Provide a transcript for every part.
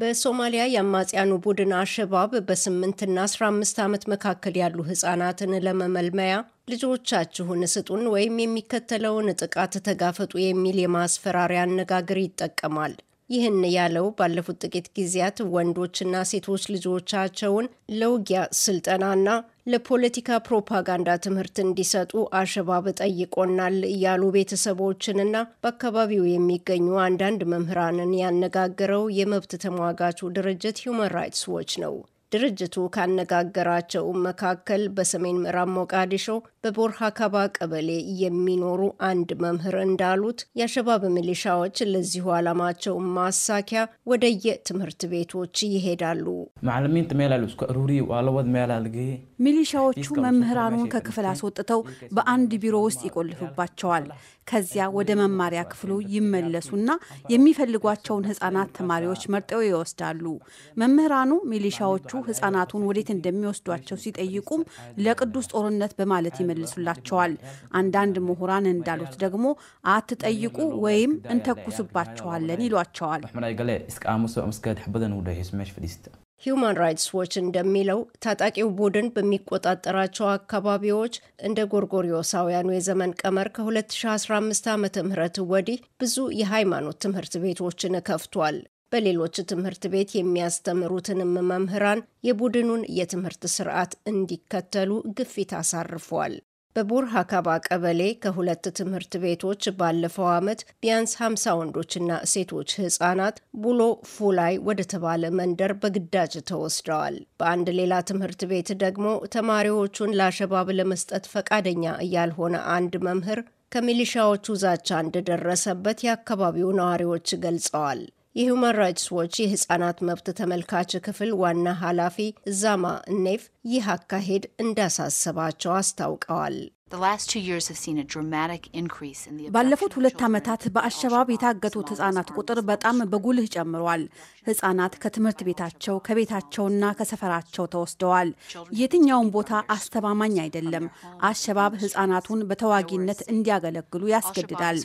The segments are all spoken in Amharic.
በሶማሊያ የአማጽያኑ ቡድን አሸባብ በስምንትና አስራ አምስት ዓመት መካከል ያሉ ህጻናትን ለመመልመያ ልጆቻችሁን ስጡን ወይም የሚከተለውን ጥቃት ተጋፈጡ የሚል የማስፈራሪያ አነጋገር ይጠቀማል። ይህን ያለው ባለፉት ጥቂት ጊዜያት ወንዶችና ሴቶች ልጆቻቸውን ለውጊያ ስልጠናና ለፖለቲካ ፕሮፓጋንዳ ትምህርት እንዲሰጡ አሸባብ ጠይቆናል ያሉ ቤተሰቦችንና በአካባቢው የሚገኙ አንዳንድ መምህራንን ያነጋገረው የመብት ተሟጋቹ ድርጅት ሁማን ራይትስ ዎች ነው። ድርጅቱ ካነጋገራቸው መካከል በሰሜን ምዕራብ ሞቃዲሾ በቦርሃካባ ቀበሌ የሚኖሩ አንድ መምህር እንዳሉት የአሸባብ ሚሊሻዎች ለዚሁ ዓላማቸው ማሳኪያ ወደየ ትምህርት ቤቶች ይሄዳሉ። ሚሊሻዎቹ መምህራኑን ከክፍል አስወጥተው በአንድ ቢሮ ውስጥ ይቆልፉባቸዋል። ከዚያ ወደ መማሪያ ክፍሉ ይመለሱና የሚፈልጓቸውን ሕጻናት ተማሪዎች መርጠው ይወስዳሉ። መምህራኑ ሚሊሻዎቹ ህጻናቱን ወዴት እንደሚወስዷቸው ሲጠይቁም ለቅዱስ ጦርነት በማለት ይመልሱላቸዋል። አንዳንድ ምሁራን እንዳሉት ደግሞ አትጠይቁ ወይም እንተኩስባቸዋለን ይሏቸዋል። ሂውማን ራይትስ ዎች እንደሚለው ታጣቂው ቡድን በሚቆጣጠራቸው አካባቢዎች እንደ ጎርጎሪዮሳውያኑ የዘመን ቀመር ከ2015 ዓ ም ወዲህ ብዙ የሃይማኖት ትምህርት ቤቶችን ከፍቷል። በሌሎች ትምህርት ቤት የሚያስተምሩትንም መምህራን የቡድኑን የትምህርት ስርዓት እንዲከተሉ ግፊት አሳርፏል። በቡር ሀካባ ቀበሌ ከሁለት ትምህርት ቤቶች ባለፈው ዓመት ቢያንስ 50 ወንዶችና ሴቶች ህጻናት ቡሎ ፉላይ ወደ ተባለ መንደር በግዳጅ ተወስደዋል። በአንድ ሌላ ትምህርት ቤት ደግሞ ተማሪዎቹን ለአሸባብ ለመስጠት ፈቃደኛ ያልሆነ አንድ መምህር ከሚሊሻዎቹ ዛቻ እንደደረሰበት የአካባቢው ነዋሪዎች ገልጸዋል። የሁማን ራይትስ ዎች የህጻናት መብት ተመልካች ክፍል ዋና ኃላፊ ዛማ ኔፍ ይህ አካሄድ እንዳሳሰባቸው አስታውቀዋል። ባለፉት ሁለት ዓመታት በአሸባብ የታገቱት ህጻናት ቁጥር በጣም በጉልህ ጨምሯል። ህጻናት ከትምህርት ቤታቸው ከቤታቸውና ከሰፈራቸው ተወስደዋል። የትኛውም ቦታ አስተማማኝ አይደለም። አሸባብ ህጻናቱን በተዋጊነት እንዲያገለግሉ ያስገድዳል።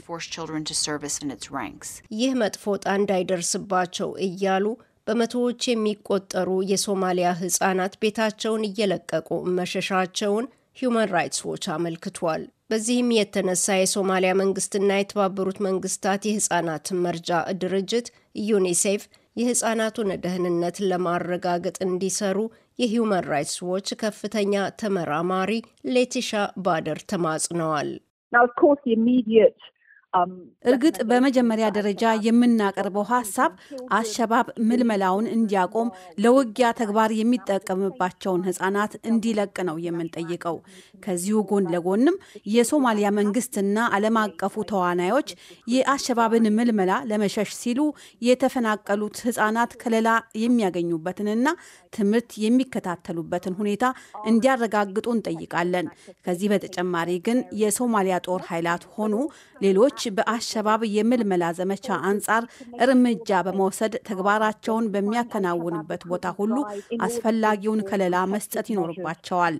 ይህ መጥፎ ዕጣ እንዳይደርስባቸው እያሉ በመቶዎች የሚቆጠሩ የሶማሊያ ህጻናት ቤታቸውን እየለቀቁ መሸሻቸውን ሂዩማን ራይትስ ዎች አመልክቷል። በዚህም የተነሳ የሶማሊያ መንግስትና የተባበሩት መንግስታት የህፃናት መርጃ ድርጅት ዩኒሴፍ የህፃናቱን ደህንነት ለማረጋገጥ እንዲሰሩ የሂዩማን ራይትስ ዎች ከፍተኛ ተመራማሪ ሌቲሻ ባደር ተማጽነዋል። እርግጥ በመጀመሪያ ደረጃ የምናቀርበው ሀሳብ አሸባብ ምልመላውን እንዲያቆም ለውጊያ ተግባር የሚጠቀምባቸውን ህጻናት እንዲለቅ ነው የምንጠይቀው። ከዚሁ ጎን ለጎንም የሶማሊያ መንግስትና ዓለም አቀፉ ተዋናዮች የአሸባብን ምልመላ ለመሸሽ ሲሉ የተፈናቀሉት ህጻናት ከለላ የሚያገኙበትንና ትምህርት የሚከታተሉበትን ሁኔታ እንዲያረጋግጡ እንጠይቃለን። ከዚህ በተጨማሪ ግን የሶማሊያ ጦር ኃይላት ሆኑ ሌሎች በአሸባብ የምልመላ ዘመቻ አንጻር እርምጃ በመውሰድ ተግባራቸውን በሚያከናውንበት ቦታ ሁሉ አስፈላጊውን ከለላ መስጠት ይኖርባቸዋል።